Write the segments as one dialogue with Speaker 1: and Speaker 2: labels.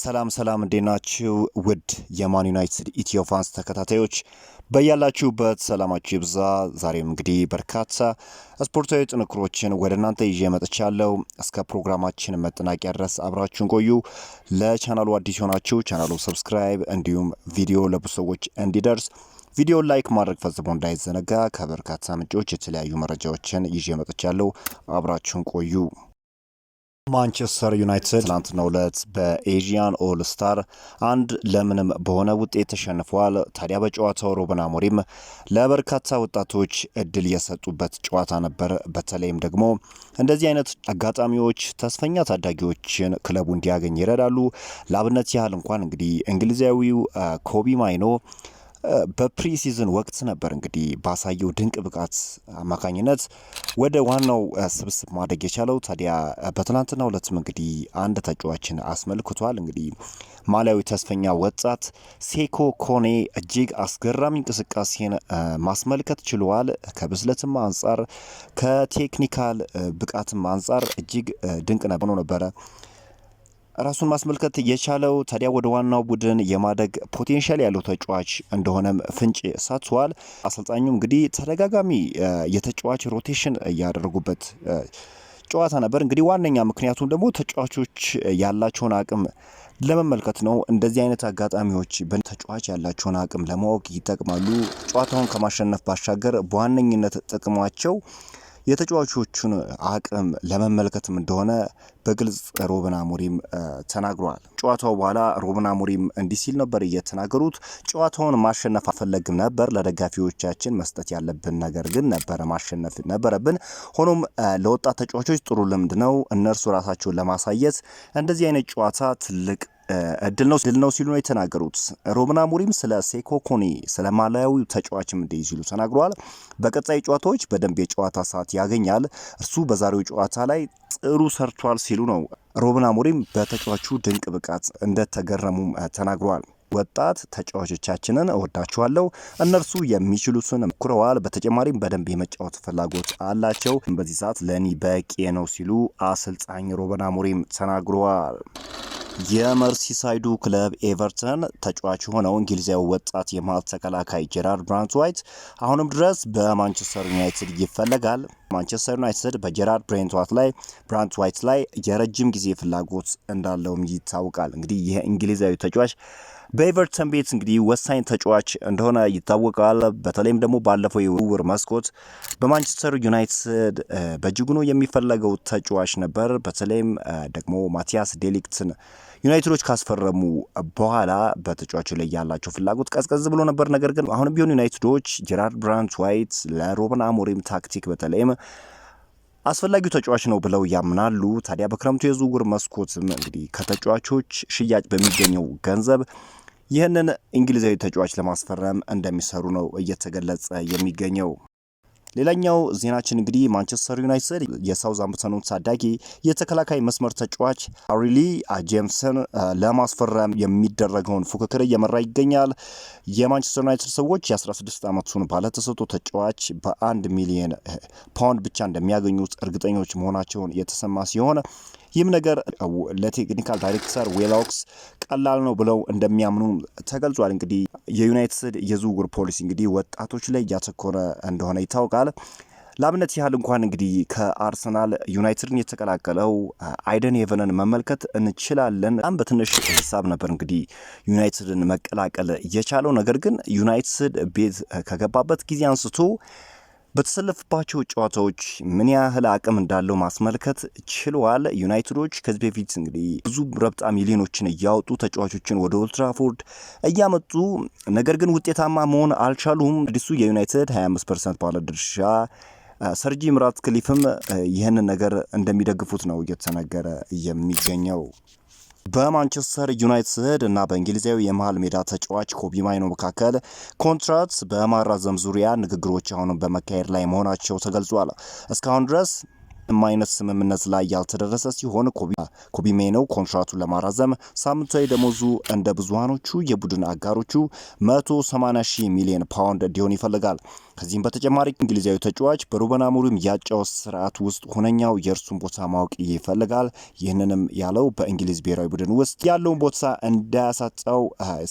Speaker 1: ሰላም ሰላም፣ እንዴት ናችሁ? ውድ የማን ዩናይትድ ኢትዮ ፋንስ ተከታታዮች በያላችሁበት ሰላማችሁ ይብዛ። ዛሬም እንግዲህ በርካታ ስፖርታዊ ጥንክሮችን ወደ እናንተ ይዤ መጥቻለሁ። እስከ ፕሮግራማችን መጠናቂያ ድረስ አብራችሁን ቆዩ። ለቻናሉ አዲስ የሆናችሁ ቻናሉ ሰብስክራይብ፣ እንዲሁም ቪዲዮ ለብዙ ሰዎች እንዲደርስ ቪዲዮ ላይክ ማድረግ ፈጽሞ እንዳይዘነጋ። ከበርካታ ምንጮች የተለያዩ መረጃዎችን ይዤ መጥቻለሁ። አብራችሁን ቆዩ። ማንቸስተር ዩናይትድ ትላንትናው ዕለት በኤዥያን ኦል ስታር አንድ ለምንም በሆነ ውጤት ተሸንፏል። ታዲያ በጨዋታው ሩበን አሞሪም ለበርካታ ወጣቶች እድል የሰጡበት ጨዋታ ነበር። በተለይም ደግሞ እንደዚህ አይነት አጋጣሚዎች ተስፈኛ ታዳጊዎችን ክለቡ እንዲያገኝ ይረዳሉ። ለአብነት ያህል እንኳን እንግዲህ እንግሊዛዊው ኮቢ ማይኖ በፕሪሲዝን ወቅት ነበር እንግዲህ ባሳየው ድንቅ ብቃት አማካኝነት ወደ ዋናው ስብስብ ማደግ የቻለው። ታዲያ በትናንትና ሁለትም እንግዲህ አንድ ተጫዋችን አስመልክቷል። እንግዲህ ማሊያዊ ተስፈኛ ወጣት ሴኮ ኮኔ እጅግ አስገራሚ እንቅስቃሴን ማስመልከት ችሏል። ከብስለትም አንጻር ከቴክኒካል ብቃትም አንጻር እጅግ ድንቅ ሆኖ ነበረ። ራሱን ማስመልከት የቻለው ታዲያ ወደ ዋናው ቡድን የማደግ ፖቴንሻል ያለው ተጫዋች እንደሆነም ፍንጭ ሰጥቷል። አሰልጣኙ እንግዲህ ተደጋጋሚ የተጫዋች ሮቴሽን እያደረጉበት ጨዋታ ነበር። እንግዲህ ዋነኛ ምክንያቱም ደግሞ ተጫዋቾች ያላቸውን አቅም ለመመልከት ነው። እንደዚህ አይነት አጋጣሚዎች ተጫዋች ያላቸውን አቅም ለማወቅ ይጠቅማሉ። ጨዋታውን ከማሸነፍ ባሻገር በዋነኝነት ጥቅማቸው የተጫዋቾቹን አቅም ለመመልከትም እንደሆነ በግልጽ ሮብና አሞሪም ተናግሯል። ጨዋታው በኋላ ሮብና አሞሪም እንዲህ ሲል ነበር እየተናገሩት፣ ጨዋታውን ማሸነፍ አልፈለግም ነበር። ለደጋፊዎቻችን መስጠት ያለብን ነገር ግን ነበረ፣ ማሸነፍ ነበረብን። ሆኖም ለወጣት ተጫዋቾች ጥሩ ልምድ ነው። እነርሱ ራሳቸውን ለማሳየት እንደዚህ አይነት ጨዋታ ትልቅ እድል ነው ድል ነው ሲሉ ነው የተናገሩት። ሮብና ሙሪም ስለ ሴኮ ኮኔ ስለ ማላያዊው ተጫዋችም እንዲህ ሲሉ ተናግረዋል። በቀጣይ ጨዋታዎች በደንብ የጨዋታ ሰዓት ያገኛል። እርሱ በዛሬው ጨዋታ ላይ ጥሩ ሰርቷል ሲሉ ነው ሮብና ሙሪም በተጫዋቹ ድንቅ ብቃት እንደተገረሙም ተናግረዋል። ወጣት ተጫዋቾቻችንን እወዳችኋለሁ። እነርሱ የሚችሉትን ሞክረዋል። በተጨማሪም በደንብ የመጫወት ፍላጎት አላቸው። በዚህ ሰዓት ለእኔ በቂ ነው ሲሉ አሰልጣኝ ሮበን አሞሪም ተናግረዋል። የመርሲሳይዱ ክለብ ኤቨርተን ተጫዋች የሆነው እንግሊዛዊ ወጣት የመሀል ተከላካይ ጀራርድ ብራንት ዋይት አሁንም ድረስ በማንቸስተር ዩናይትድ ይፈለጋል። ማንቸስተር ዩናይትድ በጀራርድ ብሬንት ዋት ላይ ብራንት ዋይት ላይ የረጅም ጊዜ ፍላጎት እንዳለውም ይታወቃል። እንግዲህ ይህ እንግሊዛዊ ተጫዋች በኤቨርተን ቤት እንግዲህ ወሳኝ ተጫዋች እንደሆነ ይታወቃል። በተለይም ደግሞ ባለፈው የውውር መስኮት በማንቸስተር ዩናይትድ በእጅጉ ነው የሚፈለገው ተጫዋች ነበር። በተለይም ደግሞ ማቲያስ ዴሊክትን ዩናይትዶች ካስፈረሙ በኋላ በተጫዋቹ ላይ ያላቸው ፍላጎት ቀዝቀዝ ብሎ ነበር። ነገር ግን አሁንም ቢሆን ዩናይትዶች ጀራርድ ብራንት ዋይት ለሮበን አሞሪም ታክቲክ በተለይም አስፈላጊው ተጫዋች ነው ብለው ያምናሉ። ታዲያ በክረምቱ የዝውውር መስኮትም እንግዲህ ከተጫዋቾች ሽያጭ በሚገኘው ገንዘብ ይህንን እንግሊዛዊ ተጫዋች ለማስፈረም እንደሚሰሩ ነው እየተገለጸ የሚገኘው። ሌላኛው ዜናችን እንግዲህ ማንቸስተር ዩናይትድ የሳውዝሃምፕተኑን ታዳጊ የተከላካይ መስመር ተጫዋች አሪሊ ጄምስን ለማስፈረም የሚደረገውን ፉክክር እየመራ ይገኛል። የማንቸስተር ዩናይትድ ሰዎች የ16 ዓመቱን ባለተሰጥኦ ተጫዋች በአንድ ሚሊዮን ፓውንድ ብቻ እንደሚያገኙት እርግጠኞች መሆናቸውን የተሰማ ሲሆን ይህም ነገር ለቴክኒካል ዳይሬክተር ዌላውክስ ቀላል ነው ብለው እንደሚያምኑ ተገልጿል። እንግዲህ የዩናይትድ የዝውውር ፖሊሲ እንግዲህ ወጣቶች ላይ እያተኮረ እንደሆነ ይታወቃል። ለአብነት ያህል እንኳን እንግዲህ ከአርሰናል ዩናይትድን የተቀላቀለው አይደን ሄቨንን መመልከት እንችላለን። በጣም በትንሽ ሂሳብ ነበር እንግዲህ ዩናይትድን መቀላቀል የቻለው ነገር ግን ዩናይትድ ቤት ከገባበት ጊዜ አንስቶ በተሰለፍባቸው ጨዋታዎች ምን ያህል አቅም እንዳለው ማስመልከት ችሏል። ዩናይትዶች ከዚህ በፊት እንግዲህ ብዙ ረብጣ ሚሊዮኖችን እያወጡ ተጫዋቾችን ወደ ኦልትራፎርድ እያመጡ ነገር ግን ውጤታማ መሆን አልቻሉም። አዲሱ የዩናይትድ 25 ፐርሰንት ድርሻ ሰርጂ ምራት ክሊፍም ይህንን ነገር እንደሚደግፉት ነው እየተነገረ የሚገኘው። በማንቸስተር ዩናይትድ እና በእንግሊዛዊ የመሃል ሜዳ ተጫዋች ኮቢ ማይኖ መካከል ኮንትራት በማራዘም ዙሪያ ንግግሮች አሁንም በመካሄድ ላይ መሆናቸው ተገልጿል። እስካሁን ድረስ ምንም አይነት ስምምነት ላይ ያልተደረሰ ሲሆን ኮቢ ማይኖ ኮንትራቱን ለማራዘም ሳምንታዊ ደሞዙ እንደ ብዙሃኖቹ የቡድን አጋሮቹ 180 ሺህ ሚሊዮን ፓውንድ እንዲሆን ይፈልጋል። ከዚህም በተጨማሪ እንግሊዛዊ ተጫዋች በሩበን አሞሪም ያጫወት ስርዓት ውስጥ ሁነኛው የእርሱን ቦታ ማወቅ ይፈልጋል። ይህንንም ያለው በእንግሊዝ ብሔራዊ ቡድን ውስጥ ያለውን ቦታ እንዳያሳጣው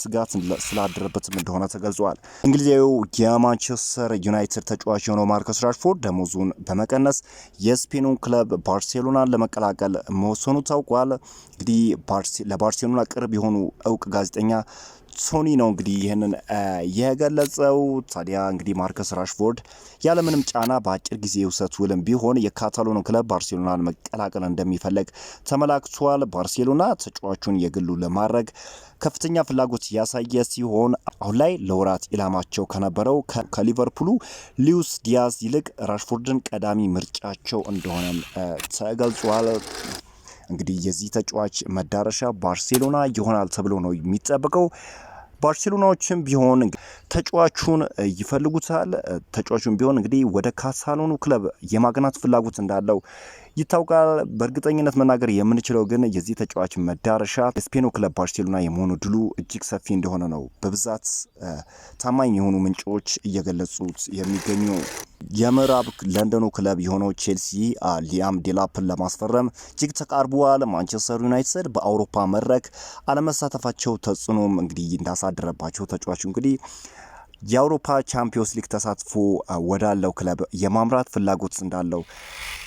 Speaker 1: ስጋት ስላደረበትም እንደሆነ ተገልጿል። እንግሊዛዊው የማንቸስተር ዩናይትድ ተጫዋች የሆነው ማርከስ ራሽፎርድ ደሞዙን በመቀነስ የስፔኑን ክለብ ባርሴሎናን ለመቀላቀል መወሰኑ ታውቋል። እንግዲህ ለባርሴሎና ቅርብ የሆኑ እውቅ ጋዜጠኛ ቶኒ ነው እንግዲህ ይህንን የገለጸው። ታዲያ እንግዲህ ማርከስ ራሽፎርድ ያለምንም ጫና በአጭር ጊዜ ውሰት ውልም ቢሆን የካታሎን ክለብ ባርሴሎናን መቀላቀል እንደሚፈለግ ተመላክቷል። ባርሴሎና ተጫዋቹን የግሉ ለማድረግ ከፍተኛ ፍላጎት ያሳየ ሲሆን አሁን ላይ ለወራት ኢላማቸው ከነበረው ከሊቨርፑሉ ሊዩስ ዲያዝ ይልቅ ራሽፎርድን ቀዳሚ ምርጫቸው እንደሆነም ተገልጿል። እንግዲህ የዚህ ተጫዋች መዳረሻ ባርሴሎና ይሆናል ተብሎ ነው የሚጠበቀው። ባርሴሎናዎችም ቢሆን ተጫዋቹን ይፈልጉታል። ተጫዋቹም ቢሆን እንግዲህ ወደ ካታላኑ ክለብ የማግናት ፍላጎት እንዳለው ይታወቃል። በእርግጠኝነት መናገር የምንችለው ግን የዚህ ተጫዋች መዳረሻ የስፔኑ ክለብ ባርሴሎና የመሆኑ ድሉ እጅግ ሰፊ እንደሆነ ነው በብዛት ታማኝ የሆኑ ምንጮች እየገለጹት የሚገኙ። የምዕራብ ለንደኑ ክለብ የሆነው ቼልሲ ሊያም ዴላፕን ለማስፈረም እጅግ ተቃርቧል። ማንቸስተር ዩናይትድ በአውሮፓ መድረክ አለመሳተፋቸው ተጽዕኖም እንግዲህ እንዳሳደረባቸው ተጫዋቹ እንግዲህ የአውሮፓ ቻምፒዮንስ ሊግ ተሳትፎ ወዳለው ክለብ የማምራት ፍላጎት እንዳለው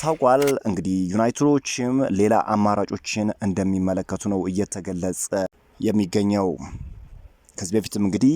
Speaker 1: ታውቋል። እንግዲህ ዩናይትዶችም ሌላ አማራጮችን እንደሚመለከቱ ነው እየተገለጸ የሚገኘው። ከዚህ በፊትም እንግዲህ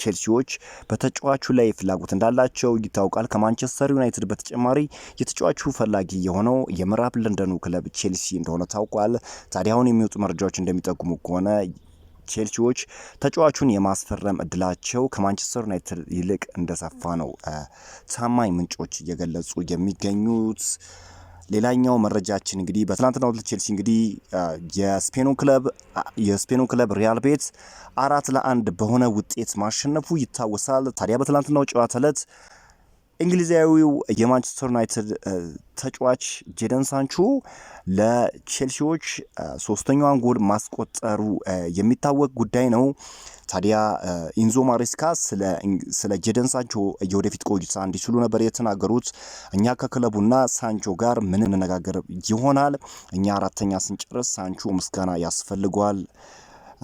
Speaker 1: ቼልሲዎች በተጫዋቹ ላይ ፍላጎት እንዳላቸው ይታወቃል። ከማንቸስተር ዩናይትድ በተጨማሪ የተጫዋቹ ፈላጊ የሆነው የምዕራብ ለንደኑ ክለብ ቼልሲ እንደሆነ ታውቋል። ታዲያ አሁን የሚወጡ መረጃዎች እንደሚጠቁሙ ከሆነ ቼልሲዎች ተጫዋቹን የማስፈረም እድላቸው ከማንቸስተር ዩናይትድ ይልቅ እንደሰፋ ነው ታማኝ ምንጮች እየገለጹ የሚገኙት። ሌላኛው መረጃችን እንግዲህ በትናንትናው ዕለት ቼልሲ እንግዲህ የስፔኑ ክለብ የስፔኑ ክለብ ሪያል ቤት አራት ለአንድ በሆነ ውጤት ማሸነፉ ይታወሳል። ታዲያ በትናንትናው ጨዋታ ዕለት እንግሊዛዊው የማንቸስተር ዩናይትድ ተጫዋች ጄደን ሳንቾ ለቼልሲዎች ሶስተኛዋን ጎል ማስቆጠሩ የሚታወቅ ጉዳይ ነው። ታዲያ ኢንዞ ማሬስካ ስለ ጄደን ሳንቾ የወደፊት ቆይታ እንዲችሉ ነበር የተናገሩት። እኛ ከክለቡና ሳንቾ ጋር ምን እንነጋገር ይሆናል። እኛ አራተኛ ስንጨርስ ሳንቾ ምስጋና ያስፈልጓል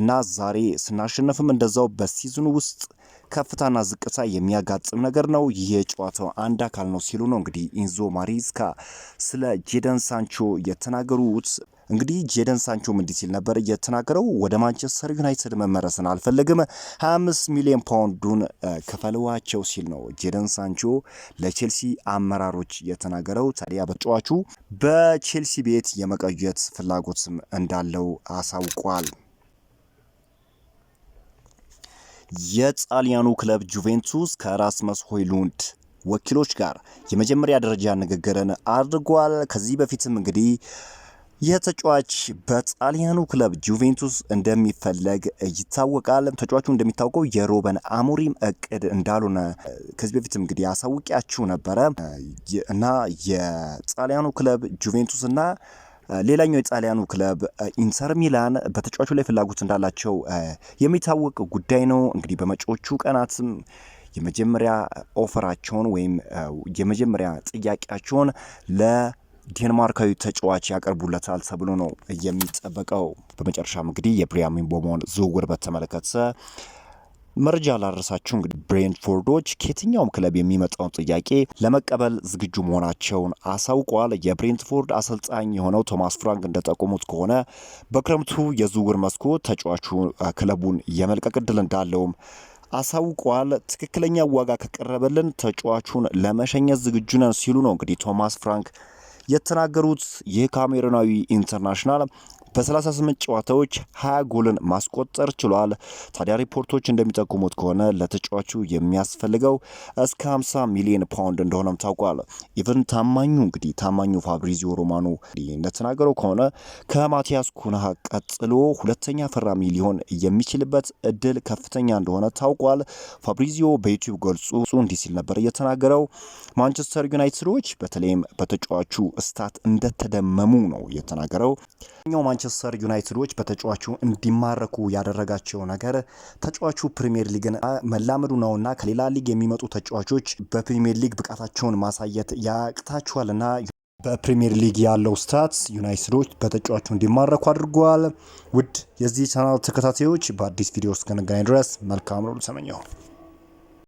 Speaker 1: እና ዛሬ ስናሸነፍም እንደዛው በሲዝኑ ውስጥ ከፍታና ዝቅታ የሚያጋጥም ነገር ነው። ይህ የጨዋታው አንድ አካል ነው ሲሉ ነው እንግዲህ ኢንዞ ማሪስካ ስለ ጄደን ሳንቾ የተናገሩት። እንግዲህ ጄደን ሳንቾም እንዲህ ሲል ነበር እየተናገረው፣ ወደ ማንቸስተር ዩናይትድ መመረስን አልፈልግም 25 ሚሊዮን ፓውንዱን ክፈለዋቸው ሲል ነው ጄደን ሳንቾ ለቼልሲ አመራሮች የተናገረው። ታዲያ በተጫዋቹ በቼልሲ ቤት የመቀየት ፍላጎትም እንዳለው አሳውቋል። የጣሊያኑ ክለብ ጁቬንቱስ ከራስመስ ሆይሉንድ ወኪሎች ጋር የመጀመሪያ ደረጃ ንግግርን አድርጓል። ከዚህ በፊትም እንግዲህ የተጫዋች በጣሊያኑ ክለብ ጁቬንቱስ እንደሚፈለግ ይታወቃል። ተጫዋቹ እንደሚታወቀው የሮበን አሞሪም እቅድ እንዳልሆነ ከዚህ በፊት እንግዲህ አሳውቂያችሁ ነበረ እና የጣሊያኑ ክለብ ጁቬንቱስ እና ሌላኛው የጣሊያኑ ክለብ ኢንተር ሚላን በተጫዋቹ ላይ ፍላጎት እንዳላቸው የሚታወቅ ጉዳይ ነው። እንግዲህ በመጪዎቹ ቀናትም የመጀመሪያ ኦፈራቸውን ወይም የመጀመሪያ ጥያቄያቸውን ለዴንማርካዊ ተጫዋች ያቀርቡለታል ተብሎ ነው የሚጠበቀው። በመጨረሻም እንግዲህ የብሪያን ምቤሞን ዝውውር በተመለከተ መረጃ ላረሳችሁ እንግዲህ ብሬንትፎርዶች ከየትኛውም ክለብ የሚመጣውን ጥያቄ ለመቀበል ዝግጁ መሆናቸውን አሳውቋል። የብሬንትፎርድ አሰልጣኝ የሆነው ቶማስ ፍራንክ እንደጠቆሙት ከሆነ በክረምቱ የዝውውር መስኮ ተጫዋቹ ክለቡን የመልቀቅ እድል እንዳለውም አሳውቋል። ትክክለኛ ዋጋ ከቀረበልን ተጫዋቹን ለመሸኘት ዝግጁ ነን ሲሉ ነው እንግዲህ ቶማስ ፍራንክ የተናገሩት። ይህ ካሜሮናዊ ኢንተርናሽናል በ38 ጨዋታዎች 20 ጎልን ማስቆጠር ችሏል። ታዲያ ሪፖርቶች እንደሚጠቁሙት ከሆነ ለተጫዋቹ የሚያስፈልገው እስከ 50 ሚሊዮን ፓውንድ እንደሆነም ታውቋል። ኢቨን ታማኙ እንግዲህ ታማኙ ፋብሪዚዮ ሮማኖ እንደተናገረው ከሆነ ከማቲያስ ኩናሃ ቀጥሎ ሁለተኛ ፈራሚ ሊሆን የሚችልበት እድል ከፍተኛ እንደሆነ ታውቋል። ፋብሪዚዮ በዩቲዩብ ገልጹ እንዲህ ሲል ነበር የተናገረው። ማንቸስተር ዩናይትዶች በተለይም በተጫዋቹ እስታት እንደተደመሙ ነው የተናገረው። ማንቸስተር ዩናይትዶች በተጫዋቹ እንዲማረኩ ያደረጋቸው ነገር ተጫዋቹ ፕሪምየር ሊግን መላመዱ ነውና ከሌላ ሊግ የሚመጡ ተጫዋቾች በፕሪምየር ሊግ ብቃታቸውን ማሳየት ያቅታቸዋልና በፕሪምየር ሊግ ያለው ስታትስ ዩናይትዶች በተጫዋቹ እንዲማረኩ አድርጓል። ውድ የዚህ ቻናል ተከታታዮች በአዲስ ቪዲዮ እስክንገናኝ ድረስ መልካም ነው